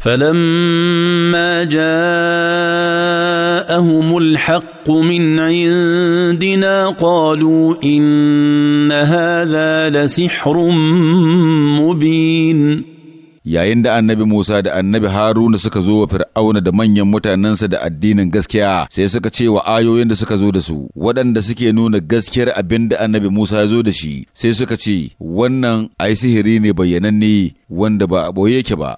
فلما جاءهم الحق من عندنا قالوا ان هذا لسحر مبين yayin da annabi Musa da annabi Haruna suka zo wa Fir'auna da manyan mutanensa da addinin gaskiya sai suka ce wa ayoyin da suka zo da su waɗanda suke nuna gaskiyar abin da annabi Musa ya zo da shi sai suka ce wannan ai sihiri ne bayyananne wanda ba a ɓoye yake ba